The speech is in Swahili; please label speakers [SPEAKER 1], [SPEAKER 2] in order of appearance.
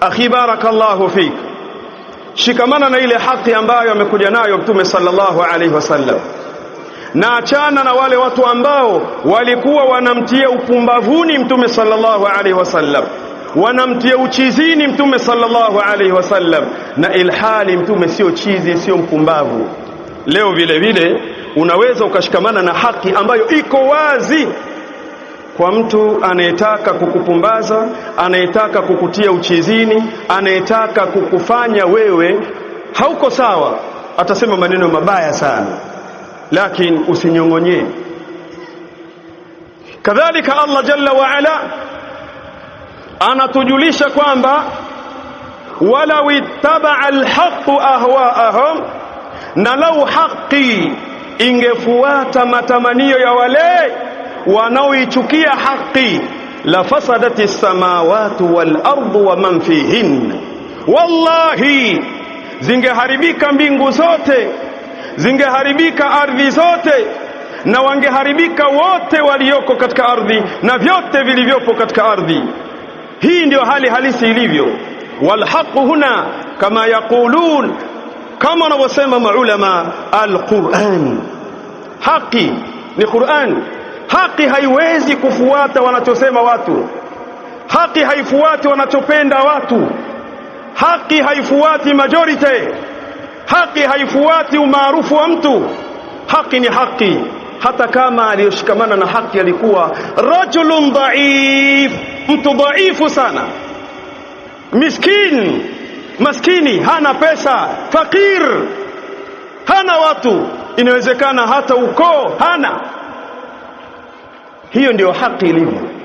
[SPEAKER 1] akhi barakallahu fik shikamana na ile haki ambayo amekuja nayo mtume sallallahu alaihi wasallam na achana na wale watu ambao walikuwa wanamtia upumbavuni mtume sallallahu alaihi wasallam wanamtia uchizini mtume sallallahu alaihi wasallam na ilhali mtume sio chizi sio mpumbavu leo vile vile unaweza ukashikamana na haki ambayo iko wazi kwa mtu anayetaka kukupumbaza, anayetaka kukutia uchizini, anayetaka kukufanya wewe hauko sawa, atasema maneno mabaya sana, lakini usinyongonye Kadhalika Allah jalla waala anatujulisha kwamba walau ittabaa alhaqu ahwaahum, na lau haqi ingefuata matamanio ya wale wanaoichukia haqi la fasadati samawati wal ardu wa man fihin, wallahi zingeharibika mbingu zote, zingeharibika ardhi zote, na wangeharibika wote walioko katika ardhi na vyote vilivyopo katika ardhi. Hii ndio hali halisi ilivyo. Walhaqu huna kama yaqulun, kama wanavyosema maulama, alquran haqi ni Qurani haki haiwezi kufuata wanachosema watu haki haifuati wanachopenda watu haki haifuati majority haki haifuati umaarufu wa mtu haki ni haki hata kama aliyoshikamana na haki alikuwa rajulun dhaif mtu dhaifu sana miskin maskini hana pesa fakir hana watu inawezekana hata ukoo hana hiyo ndio haki ilivyo